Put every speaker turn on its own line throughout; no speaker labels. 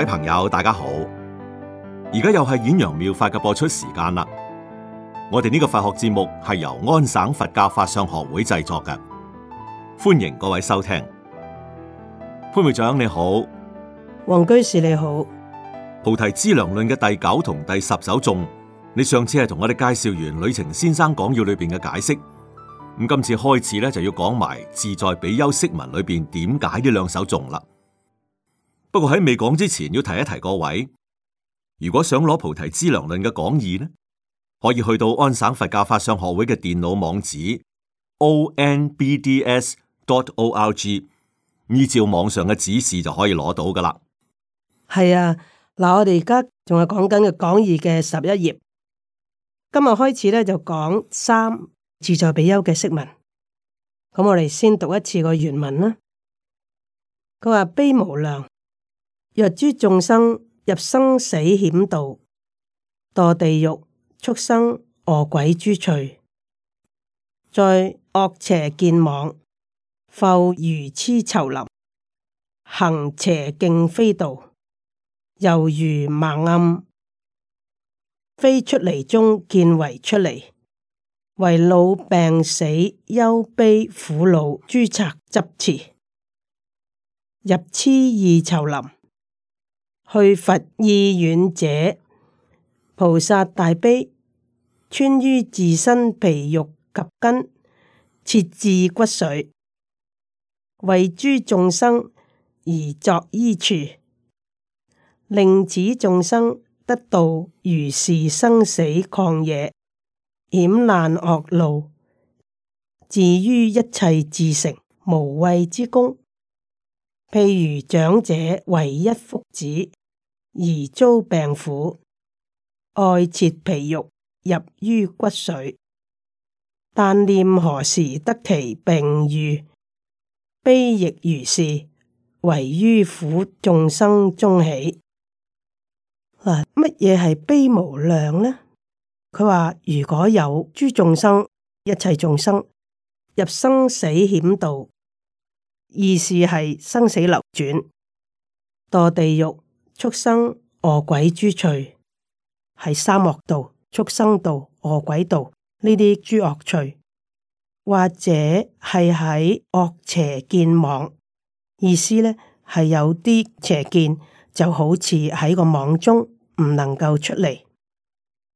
各位朋友，大家好！而家又係《演揚妙法》嘅播出時間啦。我哋呢個佛學節目係由安省佛教法相學會製作嘅，歡迎各位收聽。潘會長你好，
黃居士你好。
菩提資糧論嘅第九同第十首頌，你上次係同我哋介紹完呂澂先生講要裏邊嘅解釋，咁今次開始咧就要講埋自在比丘釋文裏邊點解呢兩首頌啦。不過喺未講之前，要提一提各位。如果想攞菩提資糧論嘅講義呢，可以去到安省佛教法商學會嘅電腦網址 o n b d s dot o r g，依照網上嘅指示就可以攞到噶啦。
係啊，嗱，我哋而家仲係講緊嘅講義嘅十一頁。今日開始咧就講三自在比丘嘅釋文。咁我哋先讀一次個原文啦。佢話悲無量。若諸眾生入生死險道，墮地獄、畜生、餓鬼諸趣，在惡邪見網，浮如痴囚林，行邪徑非道，猶如盲暗，非出離中見為出離，為老病死憂悲苦惱諸賊執持，入痴意囚林。去佛意遠者，菩薩大悲，穿於自身皮肉及筋，切至骨髓，為諸眾生而作衣處，令此眾生得到如是生死曠野險難惡路，至於一切自成無畏之功。譬如長者為一福子而遭病苦，愛切皮肉入於骨髓，但念何時得其病愈，悲亦如是，唯於苦眾生中起。嗱，乜嘢係悲無量呢？佢話如果有諸眾生、一切眾生入生死險道。意思係生死流轉，墮地獄、畜生、餓鬼諸趣，喺沙漠度畜生道、餓鬼道呢啲諸惡趣，或者係喺惡邪見網，意思呢係有啲邪見，就好似喺個網中唔能夠出嚟，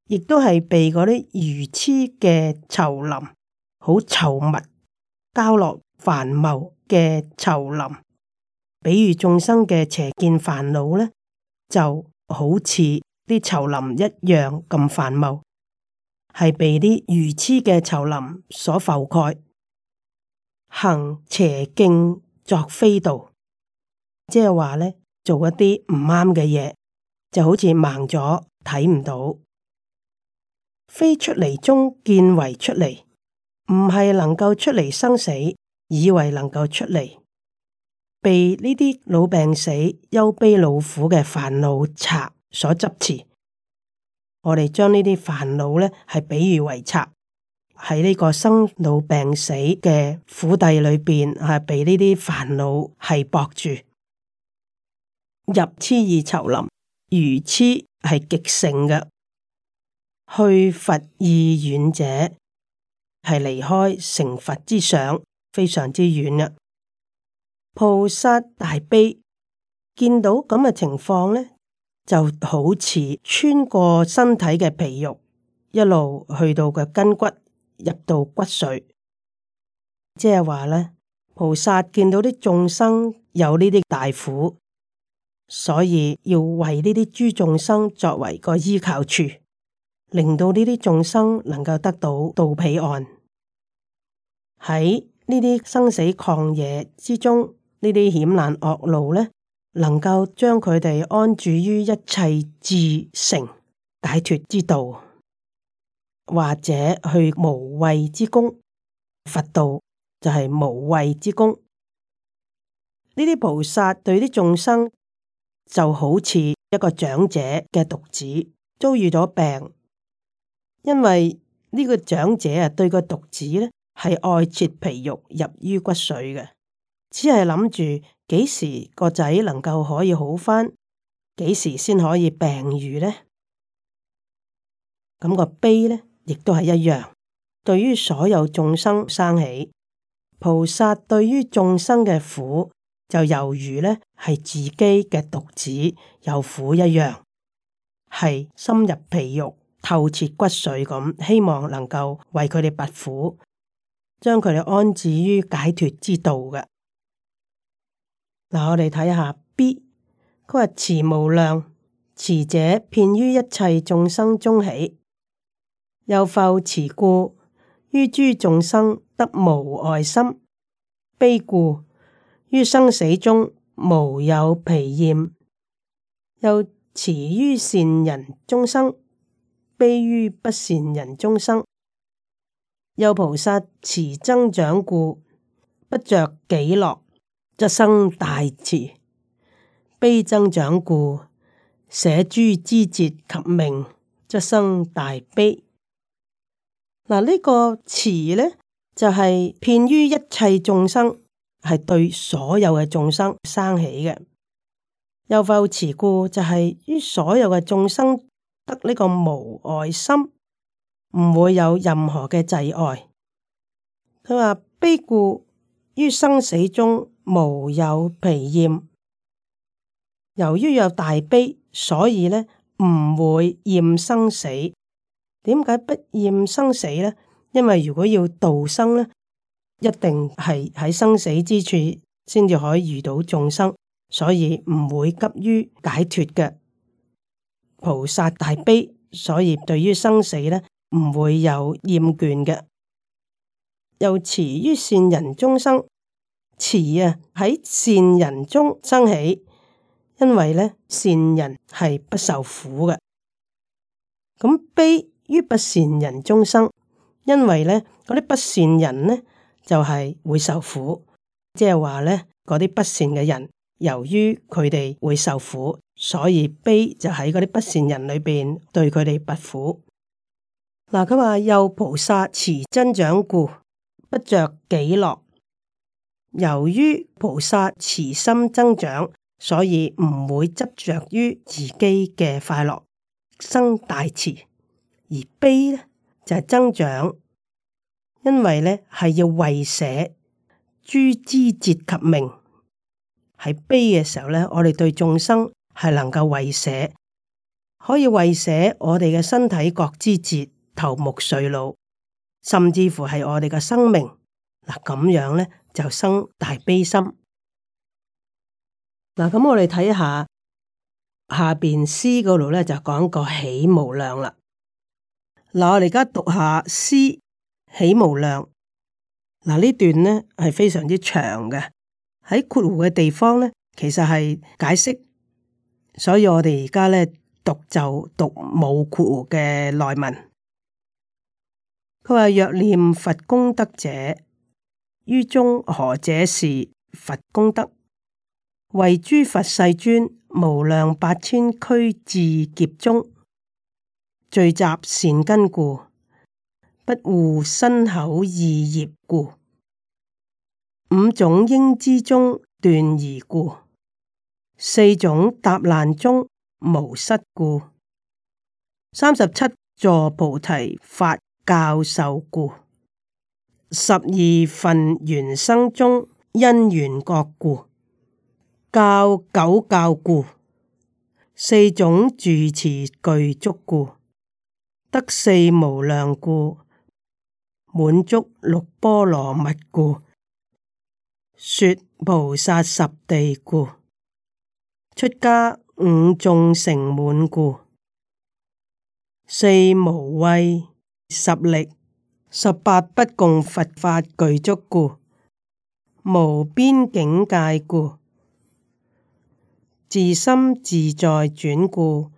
亦都係被嗰啲愚癡嘅稠林，好稠密，交落繁茂。嘅稠林，比如眾生嘅邪見煩惱咧，就好似啲稠林一樣咁繁茂，係被啲愚痴嘅稠林所覆蓋，行邪徑作非道，即係話咧做一啲唔啱嘅嘢，就好似盲咗睇唔到，非出離中見為出離，唔係能夠出離生死。以為能夠出嚟，被呢啲老病死、憂悲惱苦嘅煩惱賊所執持。我哋將呢啲煩惱咧，係比喻為賊，喺呢個生老病死嘅苦地裏邊，係被呢啲煩惱係搏住。入痴意稠林，如痴係極盛嘅。去佛意遠者，係離開成佛之上。非常之遠啦！菩薩大悲見到咁嘅情況咧，就好似穿過身體嘅皮肉，一路去到個筋骨，入到骨髓。即係話咧，菩薩見到啲眾生有呢啲大苦，所以要為呢啲諸眾生作為個依靠處，令到呢啲眾生能夠得到道彼岸喺。呢啲生死曠野之中，呢啲險難惡路咧，能夠將佢哋安住於一切智成解脫之道，或者去無畏之功。佛道就係無畏之功。呢啲菩薩對啲眾生就好似一個長者嘅獨子遭遇咗病，因為呢個長者啊對個獨子咧。係愛切皮肉入於骨髓嘅，只係諗住幾時個仔能夠可以好翻，幾時先可以病愈呢？咁個悲呢，亦都係一樣。對於所有眾生生起菩薩，對於眾生嘅苦，就猶如呢係自己嘅獨子有苦一樣，係深入皮肉、透切骨髓咁，希望能夠為佢哋拔苦。將佢哋安置於解脱之道嘅。嗱，我哋睇下 B，佢話，慈無量，慈者遍於一切眾生中起，又復慈故，於諸眾生得無愛心，悲故，於生死中無有疲厭，又慈於善人終生，悲於不善人終生。有菩薩慈增長故，不着己樂，則生大慈；悲增長故，捨諸之節及命，則生大悲。嗱，呢個慈呢，就係遍於一切眾生，係對所有嘅眾生生起嘅；又復慈故，就係於所有嘅眾生得呢個無愛心。唔會有任何嘅滯礙。佢話悲故於生死中無有疲厭，由於有大悲，所以呢唔會厭生死。點解不厭生死呢？因為如果要度生呢，一定係喺生死之處先至可以遇到眾生，所以唔會急於解脫嘅。菩薩大悲，所以對於生死呢。唔會有厭倦嘅，又慈於善人中生。慈啊，喺善人中生起，因為咧善人係不受苦嘅。咁悲於不善人中生，因為咧嗰啲不善人咧就係會受苦，即係話咧嗰啲不善嘅人，由於佢哋會受苦，所以悲就喺嗰啲不善人裏邊對佢哋拔苦。嗱，佢話有菩薩持增長故，不着己樂。由於菩薩持心增長，所以唔會執着於自己嘅快樂，生大慈，而悲呢，就係、是、增長。因為呢係要為捨諸之節及命，喺悲嘅時候呢，我哋對眾生係能夠為捨，可以為捨我哋嘅身體各之節，頭目、髓腦，甚至乎係我哋嘅生命嗱，咁樣咧就生大悲心嗱。咁、啊、我哋睇下下邊詩嗰度咧就講個起無量啦嗱、啊。我哋而家讀下詩起無量嗱、啊、呢段咧係非常之長嘅，喺括弧嘅地方咧其實係解釋，所以我哋而家咧讀就讀冇括弧嘅內文。佢話若念佛功德者，於中何者是佛功德？為諸佛世尊無量八千俱胝劫中聚集善根故，不護身口意業故，五種應之中斷而故，四種答難中無失故，三十七助菩提法。教授故，十二分緣生中因緣各故；教九教故，四種住持具足故，得四無量故，滿足六波羅蜜故，說菩薩十地故，出家五眾成滿故，四無畏。十力、十八不共佛法具足故，無邊境界故，自心自在轉故，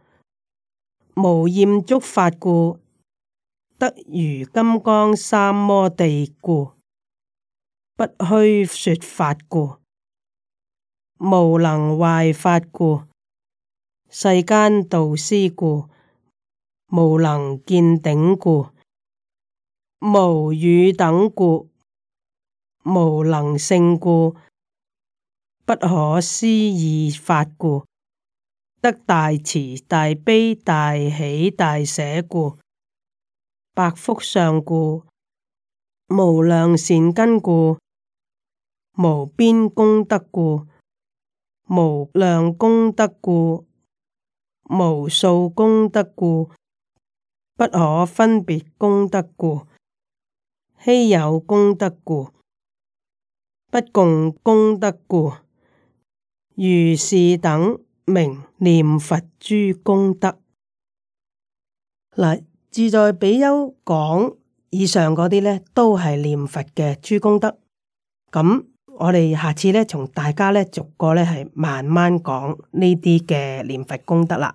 無厭足法故，得如金剛三摩地故，不虛說法故，無能壞法故，世間導師故，無能見頂故。無與等故，無能勝故，不可思議法故，得大慈大悲大喜大捨故，百福相故，無量善根故，無邊功德故，無量功德故，無數功德故，不可分別功德故。希有功德故，不共功德故，如是等名念佛諸功德。嗱，自在比丘講以上嗰啲咧，都係念佛嘅諸功德。咁我哋下次咧，同大家咧逐個咧係慢慢講呢啲嘅念佛功德啦。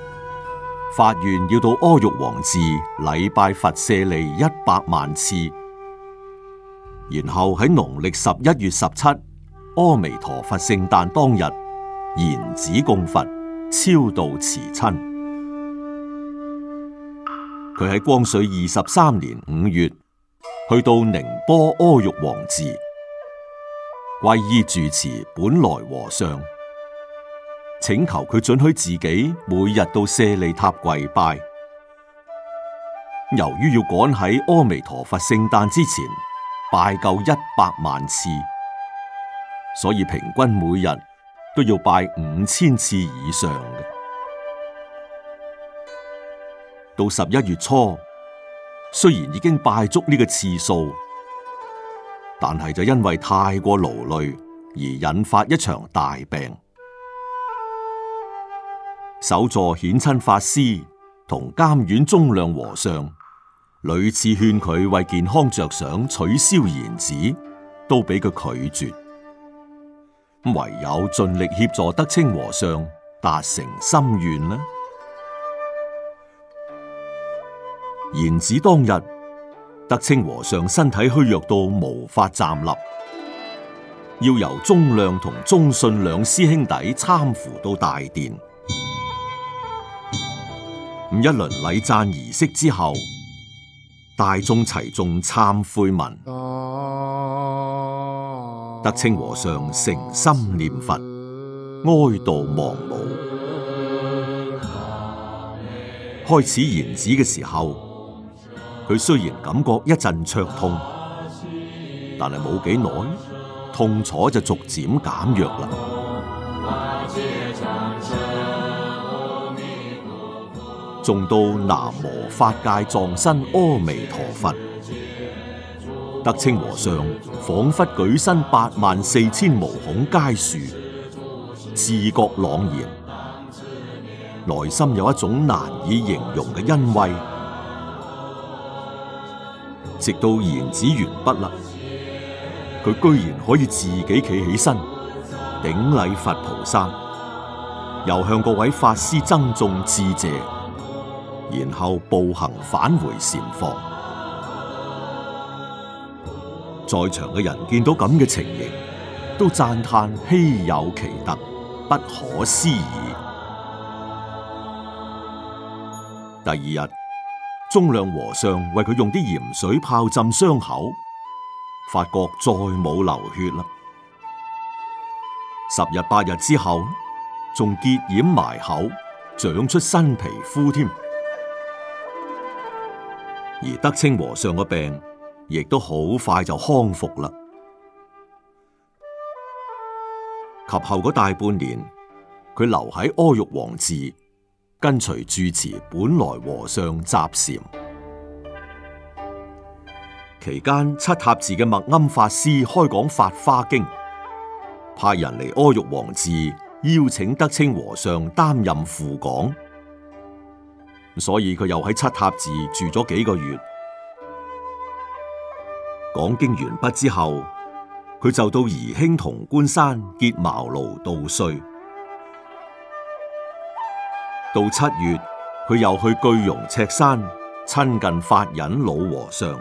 發願要到阿育王寺禮拜佛舍利一百萬次，然後喺農曆十一月十七，阿彌陀佛聖誕，誕當日，燃指供佛，超度慈親。佢喺光緒二十三年五月，去到寧波阿育王寺，皈依住持本來和尚。請求佢准許自己每日到舍利塔跪拜。由於要趕喺阿彌陀佛聖誕之前拜夠一百萬次，所以平均每日都要拜五千次以上嘅。到十一月初，雖然已經拜足呢個次數，但係就因為太過勞累而引發一場大病。首座顯親法師同監院宗亮和尚屢次勸佢為健康着想取消言子，都俾佢拒絕。唯有盡力協助德清和尚達成心願啦。言子當日，德清和尚身體虛弱到無法站立，要由宗亮同宗信兩師兄弟攙扶到大殿。五一輪禮讚儀式之後，大眾齊眾懺悔文，德、啊、清和尚誠心念佛，哀悼亡母。開始燃指嘅時候，佢雖然感覺一陣灼痛，但係冇幾耐，痛楚就逐漸減弱啦。仲到南無法界藏身阿彌陀佛，德清和尚仿佛舉身八萬四千毛孔皆豎，自覺朗然，內心有一種難以形容嘅欣慰。直到言止完畢啦，佢居然可以自己企起身，頂禮佛菩薩，又向各位法師僧眾致謝。然後步行返回禪房，在場嘅人見到咁嘅情形，都讚嘆稀有奇特，不可思議。第二日，中亮和尚為佢用啲鹽水泡浸傷口，發覺再冇流血啦。十日八日之後，仲結掩埋口，長出新皮膚添。而德清和尚嘅病，亦都好快就康復啦。及後嗰大半年，佢留喺柯玉皇寺，跟隨住持本來和尚習禪。期間，七塔寺嘅默庵法師開講《法花經》，派人嚟柯玉皇寺邀請德清和尚擔任副講。所以佢又喺七塔寺住咗幾個月，講經完畢之後，佢就到宜興銅官山結茅廬度歲。到七月，佢又去句容赤山親近法忍老和尚，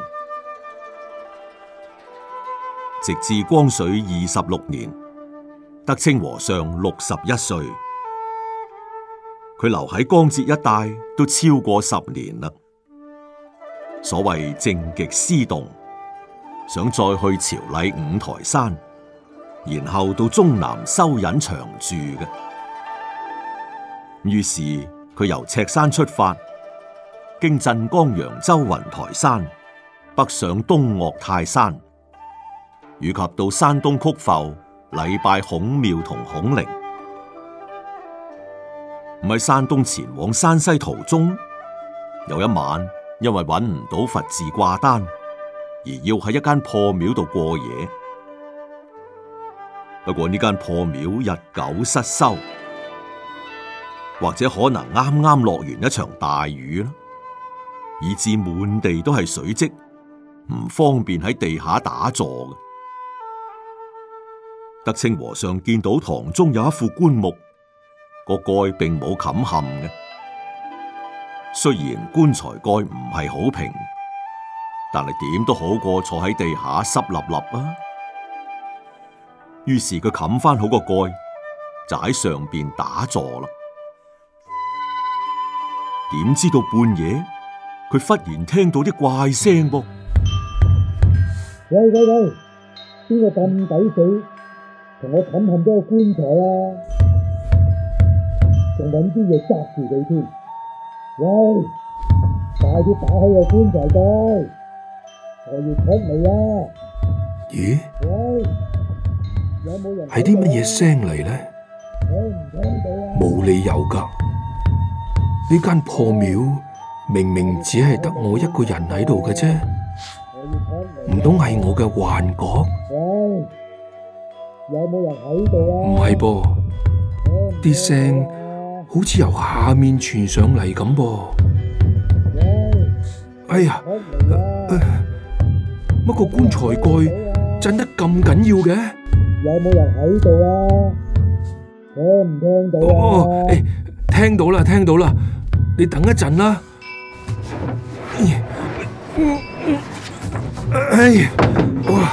直至光緒二十六年，德清和尚六十一歲。佢留喺江浙一帶都超過十年啦。所謂靜極思動，想再去朝禮五台山，然後到中南修隱長住嘅。於是佢由赤山出發，經鎮江、揚州、雲台山，北上東岳泰山，以及到山東曲阜禮拜孔廟同孔陵。唔喺山東前往山西途中，有一晚因為搵唔到佛寺掛單，而要喺一間破廟度過夜。不過呢間破廟日久失修，或者可能啱啱落完一場大雨啦，以至滿地都係水漬，唔方便喺地下打坐。德清和尚見到堂中有一副棺木。個蓋並冇冚冚嘅，雖然棺材蓋唔係好平，但係點都好過坐喺地下濕立立啊。於是佢冚返好個蓋，就喺上邊打坐啦。點知道半夜，佢忽然聽到啲怪聲噃、
啊？喂喂喂，邊個咁抵死，同我冚冚咗個棺材啊！揾啲嘢紮住你添，喂！快啲打開個棺材蓋，我要出嚟啦。
咦？有冇人？係啲乜嘢聲嚟呢？冇理由噶，呢間破廟明明只係得我一個人喺度嘅啫，唔通係我嘅幻覺？
有冇人喺度啊？唔係
噃，啲聲。好似由下面傳上嚟咁噃，哎呀，乜個棺材蓋震得咁緊要嘅？有冇人喺度啊？我唔
聽到啊！
哦，誒，聽到啦，聽到啦，你等一陣啦。嗯嗯，
哎呀，哇，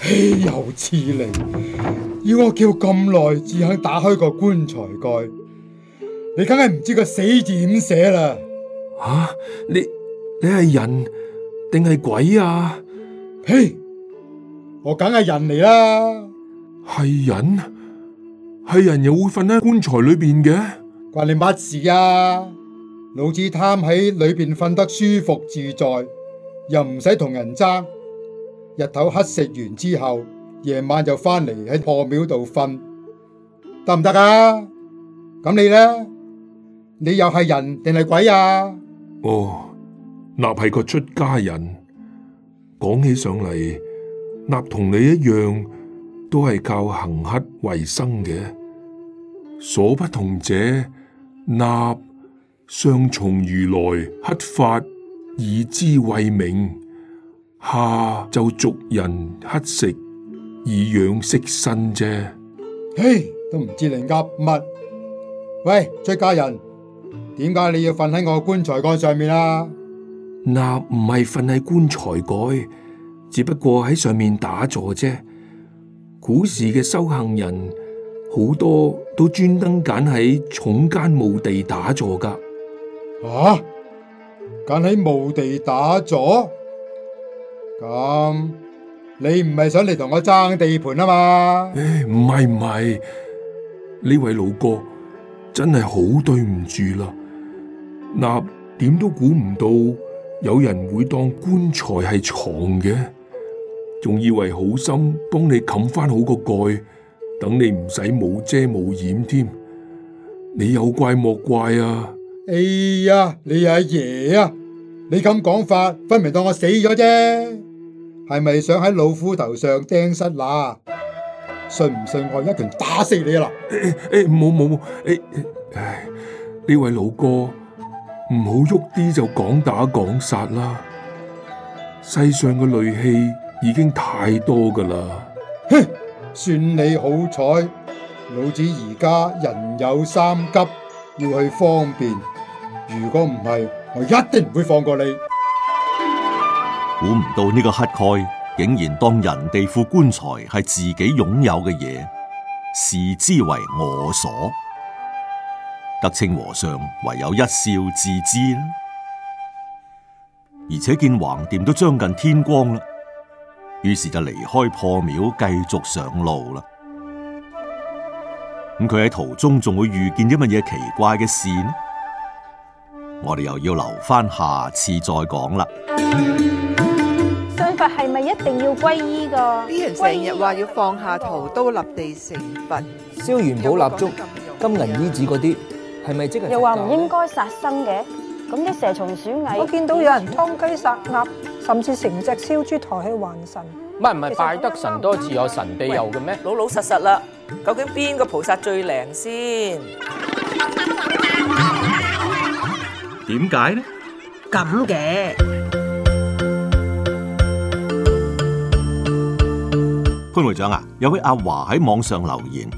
哎，又似嚟。要我叫咁耐至肯打開個棺材蓋，你梗係唔知個死字點寫啦？吓、啊，你你係人定係鬼啊？嘿，我梗係人嚟啦。係人，係人又會瞓喺棺材裏邊嘅？關你乜事啊？老子貪喺裏邊瞓得舒服自在，又唔使同人爭，日頭乞食完之後。夜晚就返嚟喺破廟度瞓，得唔得啊？咁你咧，你又係人定係鬼啊？
哦，衲係個出家人，講起上嚟，衲同你一樣，都係靠行乞為生嘅。所不同者，衲上從如來乞法以資為名，下就俗人乞食。以養息身啫，
嘿，都唔知你噏乜。喂，出家人，點解你要瞓喺我棺材蓋上面啊？
嗱，唔係瞓喺棺材蓋，只不過喺上面打坐啫。古時嘅修行人好多都專登揀喺塚間墓地打坐噶。
啊，揀喺墓地打坐，咁。你唔係想嚟同我爭地盤啊嘛？
唉、哎，唔係唔係，呢位老哥真係好對唔住啦。嗱，點都估唔到有人會當棺材係床嘅，仲以為好心幫你冚翻好個蓋，等你唔使冇遮冇掩添。你有怪莫怪啊！
哎呀，你阿爺啊，你咁講法，分明當我死咗啫。係咪想喺老虎頭上釘蝨乸？信唔信我一
拳打死你啦？誒誒誒，唔好唔好誒，呢、哎、位老哥唔好喐啲就講打講殺啦！世上嘅戾氣已經太多噶啦！哼，算你好
彩，老子而家人有三急要去方便，如果唔係，我一定唔會放過你。
估唔到呢個乞丐竟然當人哋副棺材係自己擁有嘅嘢，視之為我所。德清和尚唯有一笑自知啦。而且見橫掂都將近天光啦，於是就離開破廟，繼續上路啦。咁佢喺途中仲會遇見啲乜嘢奇怪嘅事呢？我哋又要留返下，下次再講啦。
係咪一定要皈依㗎？成日話要放下屠刀立地成佛，燒元寶蠟燭、金銀衣子嗰啲，係咪即係？又話唔
應該殺生嘅，咁啲蛇蟲鼠蟻，我見到有人劏雞殺鴨，甚至成隻燒豬抬去還神。
唔係唔係，拜得神多自有神庇佑嘅咩？老老實實啦，
究竟邊個菩薩最靈先？
點解呢？
咁嘅。
潘會長啊，有位阿華喺網上留言，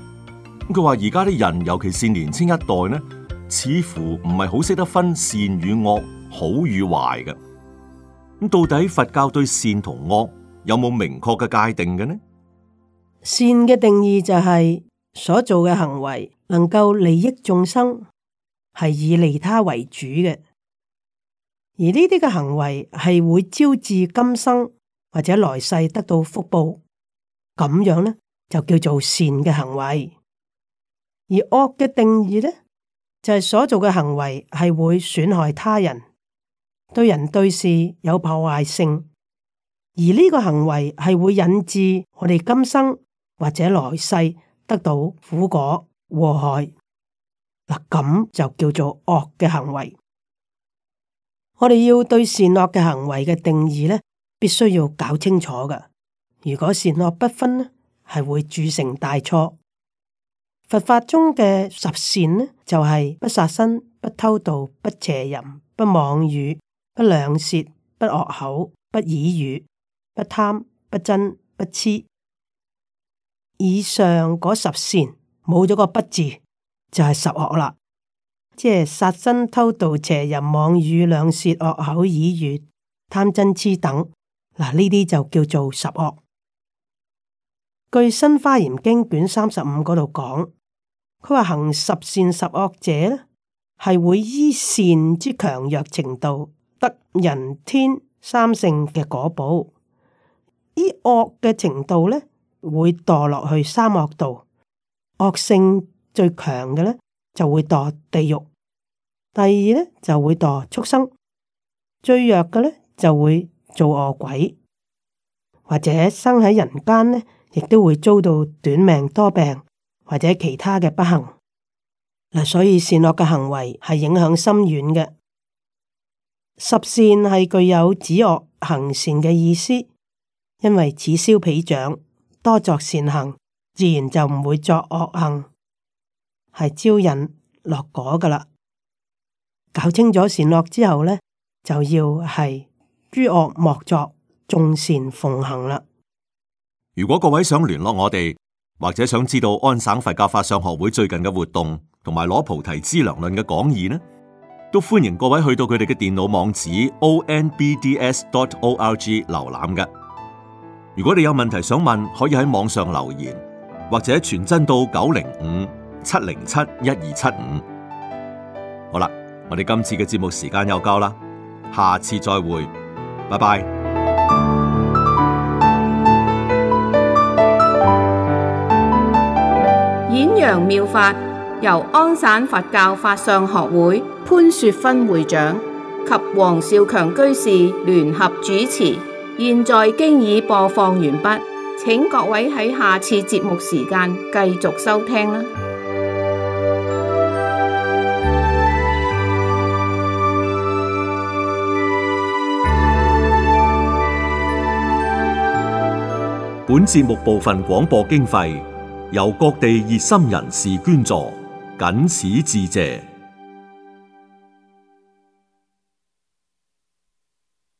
佢話而家啲人，尤其是年輕一代呢，似乎唔係好識得分善與惡、好與壞嘅。咁到底佛教對善同惡有冇明確嘅界定嘅呢？
善嘅定義就係、是、所做嘅行為能夠利益眾生，係以利他為主嘅，而呢啲嘅行為係會招致今生或者來世得到福報。咁樣呢，就叫做善嘅行為，而惡嘅定義呢，就係所做嘅行為係會損害他人，對人對事有破壞性，而呢個行為係會引致我哋今生或者來世得到苦果禍害，嗱，咁就叫做惡嘅行為。我哋要對善惡嘅行為嘅定義呢，必須要搞清楚噶。如果善惡不分呢，係會鑄成大錯。佛法中嘅十善呢，就係、是、不殺生、不偷盜、不邪淫、不妄語、不兩舌、不惡口、不綺語、不貪、不嗔、不痴。以上嗰十善冇咗個不字，就係、是、十惡啦。即係殺生、偷盜、邪淫、妄語、兩舌、惡口、綺語、貪、嗔、痴等。嗱，呢啲就叫做十惡。據《新華嚴經卷》卷三十五嗰度講，佢話行十善十惡者呢，係會依善之強弱程度得人天三性嘅果報；依惡嘅程度呢，會墮落去三惡道；惡性最強嘅呢，就會墮地獄；第二呢，就會墮畜生；最弱嘅呢，就會做惡鬼，或者生喺人間呢。亦都會遭到短命多病或者其他嘅不幸嗱，所以善惡嘅行為係影響深遠嘅。十善係具有止惡行善嘅意思，因為此消彼長，多作善行，自然就唔會作惡行，係招引落果噶啦。搞清咗善惡之後呢，就要係諸惡莫作，眾善奉行啦。
如果各位想聯絡我哋，或者想知道安省佛教法相學會最近嘅活動，同埋攞《菩提資糧論》嘅講義呢，都歡迎各位去到佢哋嘅電腦網址 o n b d s dot o r g 瀏覽㗎。如果你有問題想問，可以喺網上留言，或者傳真到九零五七零七一二七五。好啦，我哋今次嘅節目時間又夠啦，下次再會，拜拜。
梁妙法由安省佛教法相學會潘雪芬會長及黃少強居士聯合主持，現在經已播放完畢，請各位喺下次節目時間繼續收聽啦。
本節目部分廣播經費，由各地熱心人士捐助，謹此致謝。